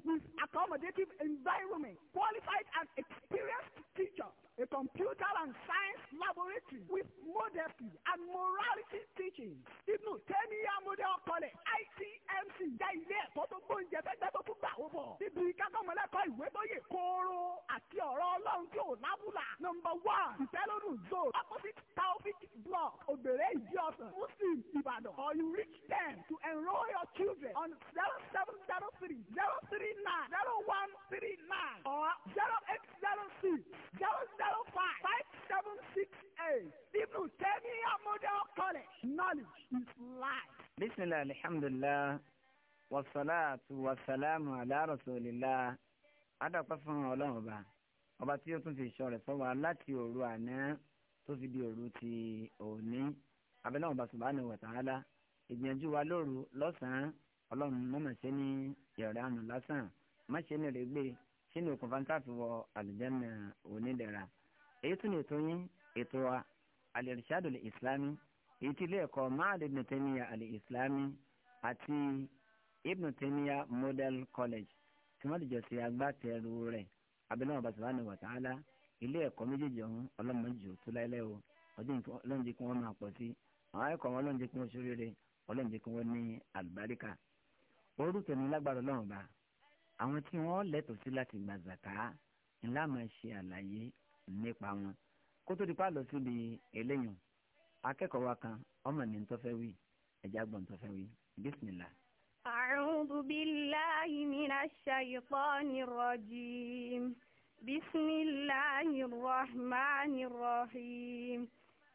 home, accommodative environment for Johnson, Muslim, Ibadan, or you reach them to enroll your children on 0703 039 0139 or 0806 005 5768. Ibn Taymiyyah Model College. Knowledge is life. Bismillah, alhamdulillah. wasalaatu wasalaamu ala rasulillah adapa fún ọlọ́run ọba ọba tí ó tún fi sọ rẹ̀ fọwọ́ láti òru àná tó fi di òru ti òní abẹ́lẹ́ wọn bá wa ta'ala ìgbìyànjú wa lóru lọ́sàn-án ọlọ́run mọ́mọ́ sí ní ìrọ̀lẹ́ àánú lásán má ṣe ní rẹ̀gbẹ́ ṣé ní okùnfà ń tàfi wọ àlùjánnà onídẹ̀ra èyí tún ètò yín ètò wa al-irshad islami èyí tí ilé ẹ̀kọ́ máàlì ibn Taymiyyah al-islami àti ibn Taymiyyah model college tí wọ́n dìjọ sí agbátẹrù rẹ̀ abẹ́lẹ́ wọn bá wa ta'ala ilé ẹ̀kọ́ méjèèjì ọ̀hún ọlọ́mọ jù tó láìlẹ́ o ọdún ọlọ́run jẹ́ kí wọ́n máa pọ̀ sí i àwọn ẹ̀kọ́ wọn ọlọ́run jẹ́ kí wọ́n ṣoríire ọlọ́run jẹ́ kí wọ́n ní àlùbáríkà orúkọ ní lágbára ọlọ́run bá àwọn tí wọ́n lẹ́tọ̀ọ́ sí láti gbà ńlá máa ṣe àlàyé nípa wọn kó tó lọ síbi eléyìn akẹ́kọ̀ọ́ wa kan ọmọ ní tó wí ẹ̀já gbọ́n tó wí bísímìlà. أعوذ بالله من الشيطان الرجيم بسم الله الرحمن الرحيم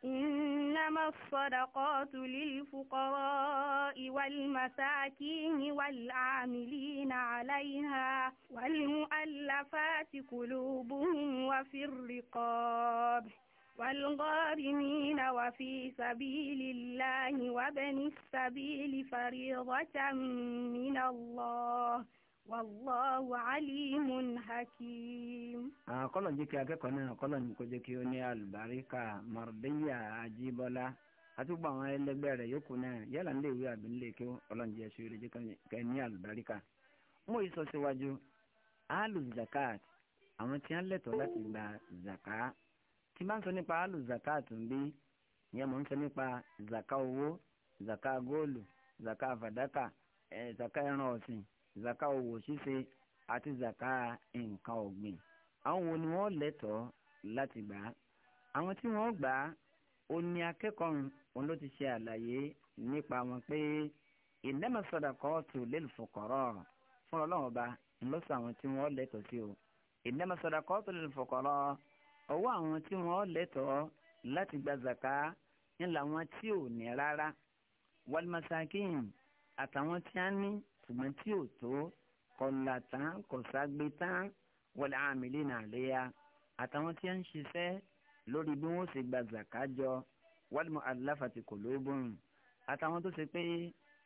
إنما الصدقات للفقراء والمساكين والعاملين عليها والمؤلفات قلوبهم وفي الرقاب والغارمين وفي سبيل الله وابن السبيل فريضة من الله wàlláhu alimun hakim. àkọlọ̀ jẹ́ kí akẹ́kọ̀ọ́ náà àkọlọ̀ ní kó jẹ́ kí ó ní alùbáríkà mọ̀rọ̀dẹ́yà àjíbọ́lá àti gbogbo àwọn ẹlẹgbẹ́ rẹ̀ yòókù náà yálà ń lè wí àbí nílé kí ọlọ́njẹ ṣe eré jẹ́ kẹ́ ní alùbáríkà. mo yí sọ síwájú alu zakat àwọn tí wọ́n lẹ́tọ̀ọ́ láti gba zaka tí máa ń sọ nípa alu zakat ń bí ìyẹn mọ̀ ń sọ nípa zaka owó zaka góòlù zaka fàdákà eh, zaka ẹran ọ̀sìn zaka owó ṣíṣe àti zaka nǹkan ọ̀gbìn àwọn wo ni wọ́n lẹ́tọ̀ọ́ láti gbà á àwọn tí wọ́n gbà á ó ní akẹ́kọ̀ọ́ òun ló ti ṣe àlàyé nípa wọn pé innama sadaqatu lil fuqara fún ọlọ́run ọba ńlọ́sọ àwọn tí wọ́n lẹ́tọ̀ọ́ sí o innama sadaqatu lil ọwọ́ àwọn tí wọ́n lẹ́tọ̀ọ́ láti gba zaka ńlá wọn tí ò ní rárá wal àtàwọn tí a ní ṣùgbọ́n tí ò tó kọlà tán kọ̀ságbé tán wọlé àmìlí náà léya àtàwọn tí ń ṣiṣẹ́ lórí bí wọ́n ṣe gba zaka jọ wal mu'allafati qulubun àtàwọn tó ṣe pé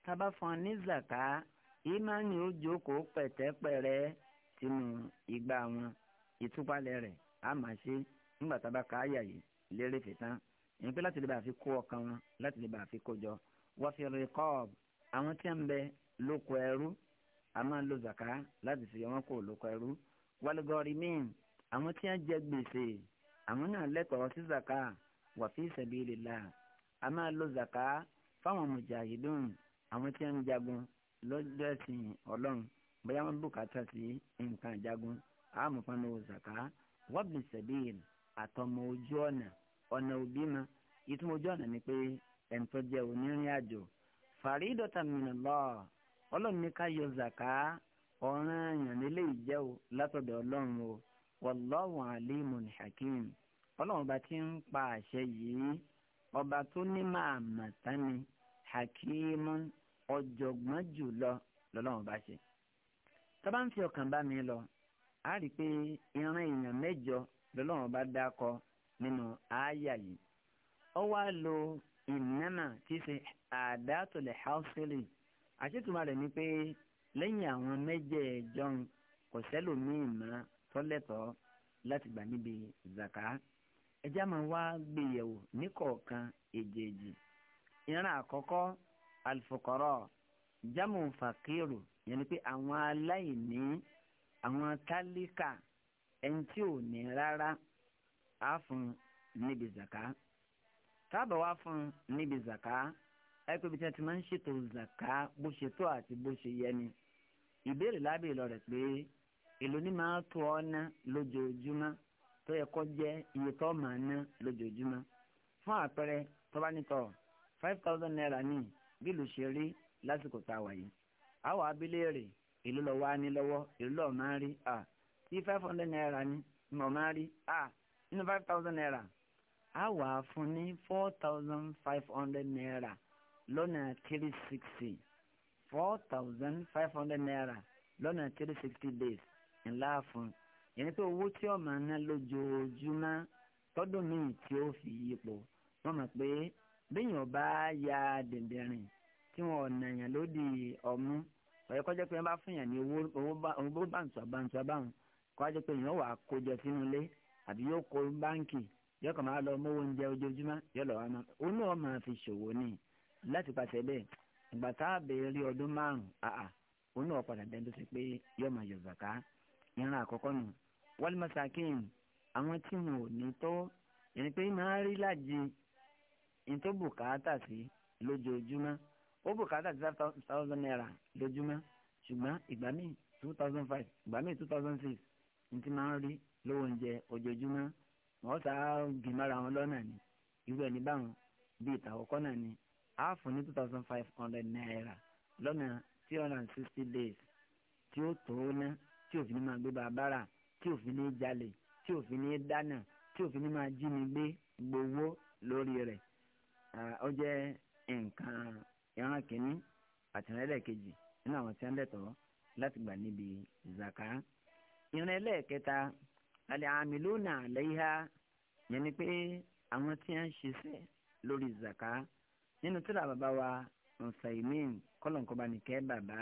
tábà fún ní zaka ìmánì ó jókòó pẹ̀tẹ́pẹ̀rẹ́ sínú ìgbà wọn ìtúpalẹ̀ rẹ̀ á máa ṣe nígbà tábà ká àyà yìí lérè fìtán ìpín láti lè bá fi kó ọkàn wọn láti lè bá fi kó jọ wa fi riqab àwọn tí ń bẹ lóko ẹrú a máa ń lo zaka láti fi wọn kó lóko ẹrú wàlúgọ́rì míì àwọn tí wọ́n jẹ gbèsè àwọn náà lẹ́tọ̀ọ́ sí zaka wà fi sabilillah a máa lo zaka fáwọn mujahidun àwọn tí wọ́n jagun lọ́jọ́ ẹ̀sìn ọlọ́run bóyá wọ́n bùkátà sí nǹkan jagun àmọ̀fánu zaka wọ́bì sẹ̀bíìn àtọmọ ojú ọ̀nà ọ̀nà òbí ma ìtumọ̀ ojú ọ̀nà ni pé ẹ̀ńtọ́ jẹ́ onírìn àjò fàrídọ́tà mìíràn lọ́ọ̀ ọlọ́run ní ká yọ zàká ọ̀ràn àyàn nílé ìjẹ́ o látọ̀dọ̀ ọlọ́run o wallahu alimun hakim ọlọ́run bá ti ń pa àṣẹ yìí ọba tó ní máa mà tání hakimun ọ̀jọ̀gbọ́n jù lọ lọ́lọ́run bá ṣe. tọ́ba ń fi ọkàn bá mi lọ a rí i pé ìran èèyàn mẹ́jọ lọ́lọ́run bá dákọ nínú àáyà yìí ọ wá lo ìnáná tí í ṣe àdátòlè hausili àṣetùmọ̀ rẹ̀ ni pé lẹ́yìn àwọn mẹ́jẹ̀ẹ̀jọ kò sẹ́lòmíì mọ́ tọ́lẹ̀tọ́ láti gbà níbi zaka ẹjẹ́ máa wá gbéyẹ̀wò níkọ̀ọ̀kan èjèèjì ìran àkọ́kọ́ alifokọ̀rọ̀ jámù fàkírù yẹn ni pé àwọn aláìní àwọn tálíkà ẹni tí ò ní rárá á fún níbi zaka tábà wá fún níbi zaka ẹgbẹ́ ibi tí wọ́n ti máa ń ṣètò zaka bó ṣe tó àti bó ṣe yẹ ni ìbéèrè lábẹ́ ìlọ pé èlò ní máa tó ọ ná lójoojúmọ́ tó yẹ kó jẹ́ iye tó máa ná lójoojúmọ́ fún àpẹẹrẹ tó bá nítọ̀ five thousand naira ní bílù ṣe rí lásìkò tá a wà yìí àwọn abiléèrè èlò lọ́wọ́ á ní lọ́wọ́ èlò lọ́wọ́ máa rí à tí five hundred naira ní mọ̀ máa ń rí à nínú five thousand naira á wà four thousand five hundred naira. lọ́nà 360 sixty four thousand five hundred naira lọ́nà three days in fún yẹnni pé owó tí ọmọ ná lójoojúmọ́ tọ́dún míì tí ó fi yípo wọ́n mọ̀ pé bíyàn bá ya tí ọmú ọ̀yẹ́ kọ́jọ́ pé wọ́n bá fún yàn ní owó báǹtù àbáǹtù àbáǹtù kọ́jọ́ pé èèyàn wà kójọ sínú ilé àbí yóò kó báǹkì yóò máa lọ mówó oúnjẹ ojoojúmọ́ yóò fi ṣòwò nìyí. láti pàṣẹ bẹ́ẹ̀ ìgbà tá a béèrè ọdún márùn àà òun náà padà bẹ́ẹ̀ tó ṣe pé yọmọ yorùbá ká ìran àkọ́kọ́ nù wal masakin àwọn tí wọn ò ní tó ẹni pé máa rí láàjì ní tó bùkátà sí lójoojúmọ́ ó bùkátà sí five thousand naira lójúmọ́ ṣùgbọ́n ìgbà míì two thousand five ìgbà míì two thousand six ní ti máa rí lówó oúnjẹ ojoojúmọ́ wọ́n sá gbìmọ̀ra wọn lọ́nà ni irú ẹni báwọn bíi ìtàwọ́kọ́ náà ni á fún ní two thousand five hundred naira lọ́nà two hundred and sixty days tí ó tó ná tí òfin ní máa gbé bàbára tí òfin ní jalè tí òfin ní dáná tí òfin ní máa jí ni gbé gbowó lórí rẹ̀ ó jẹ́ nǹkan ìran kìíní àti ìran ẹlẹ́ẹ̀kejì nínú àwọn tí wọ́n lẹ́tọ̀ọ́ láti gbà níbi zaka ìran ẹlẹ́ẹ̀kẹta alẹ́ àmì àlẹ́ yá yẹn ni pé àwọn tí wọ́n ń ṣiṣẹ́ lórí zaka nínú tíra bàbá wa nsaimin kọlọ̀nkọba nìkẹ́ bàbá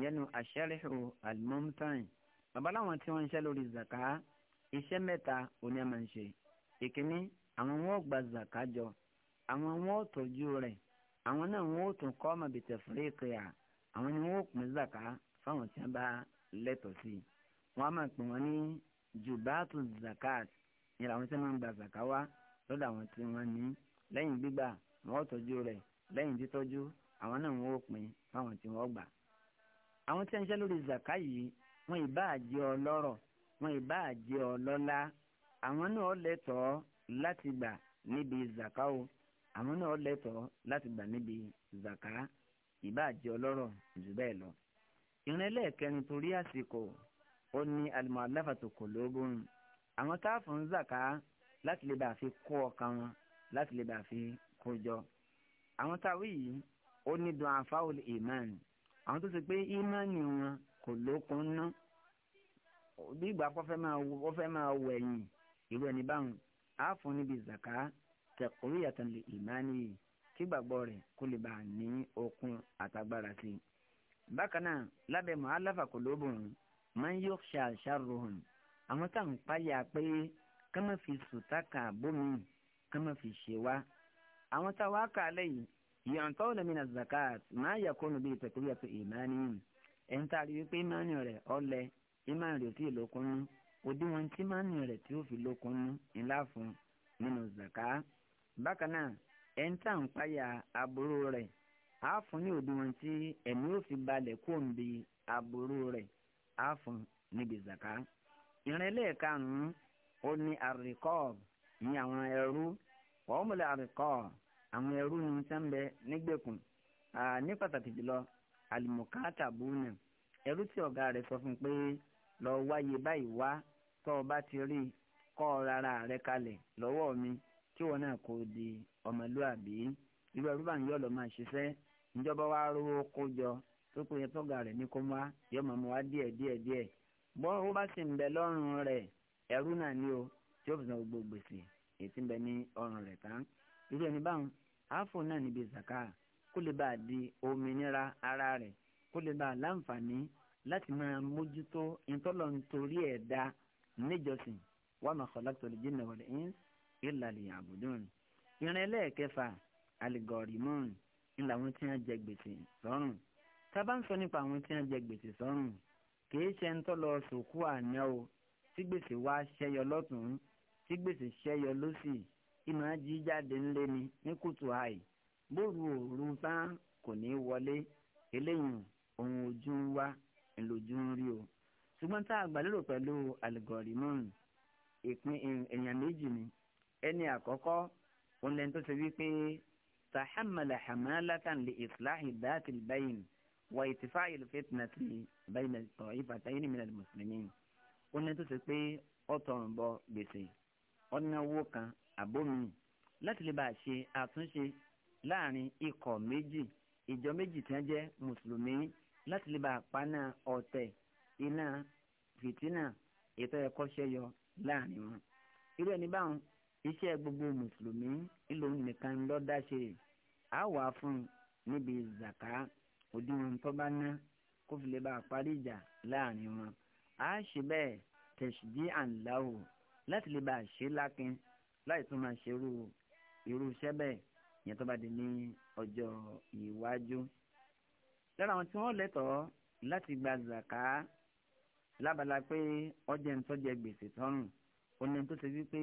yẹnu aṣẹ́rìhù alimọ́mtàn bàbá láwọn tí wọ́n ń ṣe lórí zaka iṣẹ́ mẹ́ta òní àmà ń ṣe ìkíní àwọn wọn ò gba zaka jọ àwọn wọn ò tọ́jú rẹ̀ àwọn náà wọn ò tún kọ́ ọmọ bìtẹ̀ fúrẹ́ẹ̀kì à àwọn ni wọn ò pín zaka fáwọn tí wọn bá lẹ́tọ̀ọ́ sí wọn á máa pè wọ́n ní jubaatu zakat ìyẹn àwọn tí wọn ń gba zaka wa lọ́dọ̀ àwọn tí wọ́n ní lẹ́yìn gbígbà wọ́n tọ́jú rẹ̀ lẹ́yìn títọ́jú àwọn náà wọ́n pín fáwọn tí wọ́n gbà. àwọn tí wọ́n ń ṣe lórí zaka yìí wọ́n ìbáà jẹ́ ọlọ́rọ̀ wọ́n ìbáà jẹ́ ọlọ́lá àwọn náà lẹ́tọ̀ọ́ láti gbà níbi zaka o àwọn náà lẹ́tọ̀ọ́ láti gbà níbi zaka ìbáà jẹ́ ọlọ́rọ̀ jù bẹ́ẹ̀ lọ. ìrìn ẹlẹ́ẹ̀kẹrin torí àsìkò ó ní al-mu'allafatu qulubun àwọn táàfù ń zaka láti lè bá fi kó ọkàn wọn láti lè bá fi kó jọ àwọn táwí yìí ó ní dùn àfáwò ìmáàni àwọn tó ṣe pé ìmáàni wọn kò lókun ná bí ìgbà kó fẹ́ máa wọ fẹ́ máa ẹ̀yìn irú ẹni báwọn á fún níbi zaka tẹ̀kúrú yàtọ̀ lè ìmáàni yìí kí gbàgbọ́ rẹ̀ kó lè bàa ní okun àtagbára sí i bákan náà lábẹ́ mọ́ aláfà kò lóbùn máa ń yọ ṣàṣàrò hàn àwọn táwọn páyà pé ká má fi sùtákà bómi ká má fi ṣe wá. awon tá a wá kà á lẹ́yìn zakat ma ya kunu a rí wípé ìmánì rẹ̀ ọlẹ̀ ti rẹ̀ tí ì lókun fi lókun nú fun ninu zakat bákan náà ẹ̀ń n à ń páyà aburú rẹ̀ á fún ní òdiwọ̀n tí fi balẹ̀ bi aburu re á fún níbi zakat wọ́n múlẹ̀ àríkọ́ àwọn ẹrú ni wọ́n ti ń bẹ nígbèkùn ní pàtàkì jùlọ àlùmọ̀káàtà búnà ẹrú tí ọ̀gá rẹ̀ sọ fún pé lọ wáyé báyìí wá tó o bá ti rí kọ́ rárá rẹ kalẹ̀ lọ́wọ́ mi wọn náà kò di ọmọlúàbí irú ẹrú bá ń máa ṣiṣẹ́ ìjọba wa rówó kó jọ tó tọ́gà rẹ̀ ní kó yọ màmú díẹ̀ díẹ̀ díẹ̀ o tí ó èyí tí ń bẹ ní ọrùn rẹ̀ tán irú ẹni báwọn àáfò náà níbi zaka kó lè bá a di òmìnira ara rẹ̀ kó lè bá a láǹfààní láti máa mójútó ìtọ́lọ̀ nítorí ẹ̀dá níjọsìn wa ma khalaqtul jinna wal insa illa liya'budun ìrìn ẹlẹ́ẹ̀kẹfà aligọ̀rìmọ́n ń làwọn tí wọ́n jẹ gbèsè sọ́rùn tá ń sọ nípa àwọn tí wọ́n jẹ gbèsè sọ́rùn kì í ṣe ń tọ́lọ sòkú àná o tí gbèsè wá ṣẹyọ lọ́tún tí gbèsè ṣẹyọ lọ́sì ìmọ̀ jí jáde ńlé ni ní kùtù àì bóru òru tán kò ní wọlé eléyìí ohun ojú ń wá ńlójú ń rí o ṣùgbọ́n tá a gbàlérò pẹ̀lú aligọ̀rìmọ́ọ̀nù ìpín èèyàn méjì ni ẹni àkọ́kọ́ òun lẹ́ni tó ṣe wípé tahammala hamalatan li islahi dhati albayn wa itifa'i alfitnati bayna ta'ifatayni min almuslimin òun lẹ́ni tó ṣe pé ọ̀tọ̀ ń bọ gbèsè ọ̀nà owó kan àbómi láti lè bá a ṣe àtúnṣe láàrin ikọ̀ méjì ìjọ méjì tí wọ́n jẹ́ mùsùlùmí láti lè bá a paná ọ̀tẹ̀ iná fìtínà ètò ẹ̀kọ́ ṣẹyọ láàrin wọn. irú ẹni báwọn iṣẹ́ gbogbo mùsùlùmí ìlò nìkan ló dá ṣe á wà fún níbi zaka òdiwọ̀n tó bá ná kó fi lè bá a parí ìjà láàrin wọn. a ṣe bẹ́ẹ̀ tẹ̀sídìí àǹláwò láti lè bá a ṣe lákin láì tún máa ṣerú irú iṣẹ́ bẹ́ẹ̀ yẹn tó bá di ní ọjọ́ iwájú. lára àwọn tí wọ́n lẹ́tọ̀ọ́ láti gba zàká lábala pé ọjẹ́ ń tọ́jẹ gbèsè tọ́rùn oní tó ṣe wípé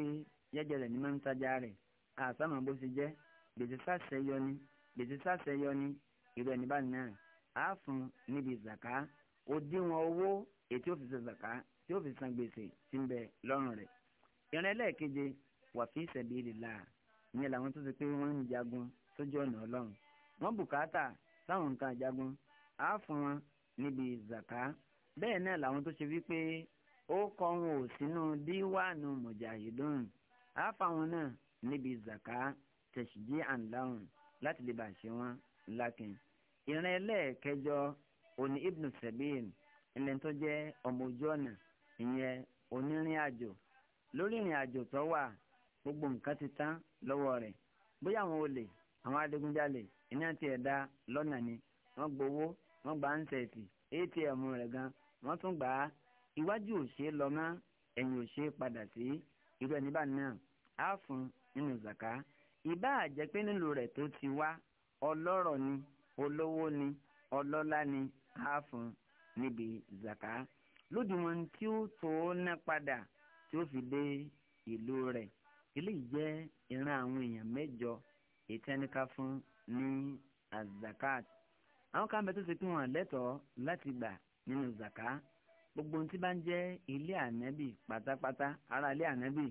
jẹ́jẹ́ rẹ̀ ní máa ń tajà rẹ̀ àsámọ̀ bó ṣe jẹ́ gbèsè sáṣẹ yọ ni gbèsè sáṣẹ yọ ni ìrọ̀ ẹni bá nìyà á fún níbi zàká òdiwọ̀n owó ètí ó fi ṣe zàká tí ó fi san gbèsè tí ń bẹ lọ́rùn rẹ̀ ìran ẹlẹ́ẹ̀keje wà fi sabilillah ìyẹn làwọn tó ti pé wọ́n ń jagun sójú ọ̀nà ọlọ́run wọ́n bùkátà sáwọn nǹkan àjagun á fún wọn níbi zaka bẹ́ẹ̀ náà làwọn tó ṣe wípé ó kọ́ wọn ò sínú díwáànù mujahidun á fáwọn náà níbi zaka tẹ̀síjì àǹdáhùn láti lè bá ṣe wọn lákin. ìran ẹlẹ́ẹ̀kẹjọ òní ibnu sabil ilẹ̀ tó jẹ́ ọmọ ojú ọ̀nà ìyẹn onírìn àjò lórí ìrìn àjò tó wà gbogbo nǹkan ti tán lọ́wọ́ rẹ̀ bóyá àwọn olè àwọn adigunjalè iná ti ẹ̀dá lọ́nà ni wọ́n gbowó wọ́n gba ansẹ̀tì atm rẹ̀ gan wọ́n tún gbà á iwájú ò ṣe é lọ mọ́ ẹ̀yìn ò ṣe é padà sí irú ẹni bá náà á fún nínú zaka ìbá àjẹ́ pé nílùú rẹ̀ tó ti wá ọlọ́rọ̀ ni olówó ni ọlọ́lá ni á fún níbi zaka lódiwọ̀n tí ó tó ná padà tí ó fi dé ìlú rẹ̀ eléyìí jẹ́ ìran àwọn èèyàn mẹ́jọ ìtẹnika fún ní azakat àwọn kan bẹ tó ṣe pé wọn lẹ́tọ̀ọ́ láti gbà nínú zaka gbogbo ohun tí bá ń jẹ́ ilé ànábì pátápátá ara ilé ànábì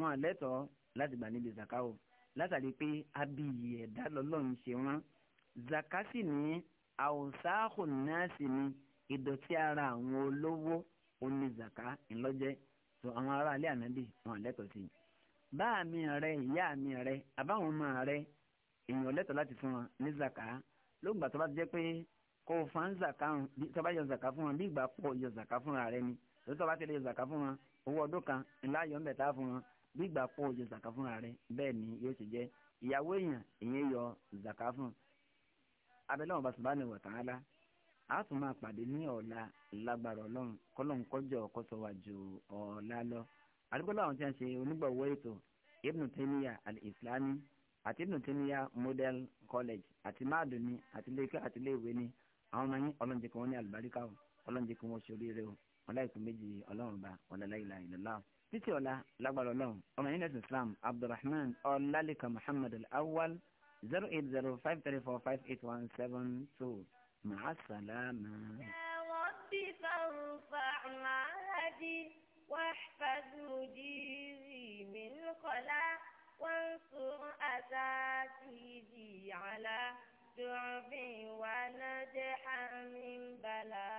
wọn lẹ́tọ̀ọ́ láti gbà níbi zaka o látàrí pé abiyì ẹ̀dá lọ́lọ́run ṣe wọ́n zaka sì ní àwòsáàkùn náà sì ní ìdọ̀tí ara àwọn olówó oní ńlọ́jẹ́ so àwọn ará alẹ́ ànábì wọn lẹ́tọ̀ọ́ sí i báà mi rẹ ìyá mi rẹ àbáwọn ọmọ rẹ èèyàn lẹ́tọ̀ọ́ láti fún wọn ní zaka lóògbà tó bá ti jẹ́ pé kò fa ń zaka hàn tó bá yọ zaka fún wọn bí ìgbà pọ̀ yọ zaka fúnra rẹ ni tó bá ti lè yọ zaka fún wọn owó ọdún kan ńlá yọ ńbẹ̀ tá fún wọn bí ìgbà pọ̀ yọ zaka fúnra rẹ bẹ́ẹ̀ ni yóò ṣe jẹ́ ìyàwó èèyàn èèyàn yọ zaka fún abẹ́lẹ́ wọn bá subhanahu wa ta'ala a tún máa pàdé ní ọ̀la lágbára ọlọ́run kọ́lọ́n kọjọ kọ́sọ̀ wà ju ọ̀la lọ. àdúgbòlò àwọn tí a ń ṣe onígbọ̀wọ́ ètò Ibn Taymiyyah al-Islami àti Ibn Taymiyyah Model College àti máàdùnní àti lẹ́kẹ́ àti léèwé ni àwọn ọmọ yín ọlọ́njẹ kan wọ́n ní àlùbáríkà o ọlọ́njẹ kan wọ́n ṣoríire o wọn láìpẹ́ méjì ọlọ́run ba wọn lọ́la ìlà ìlọ́lá títí ọ̀la lágbára ọlọ́run ọmọ yín lẹ́sìn Islam Abdulrahman ọlálẹ́kà Muhammad al-Awwal zero eight zero five three four five eight one seven two. مع السلامة يا رب فارفع معهدي واحفظ مديري من خلا وانصر أساتذتي على ضعفي ونجح من بلا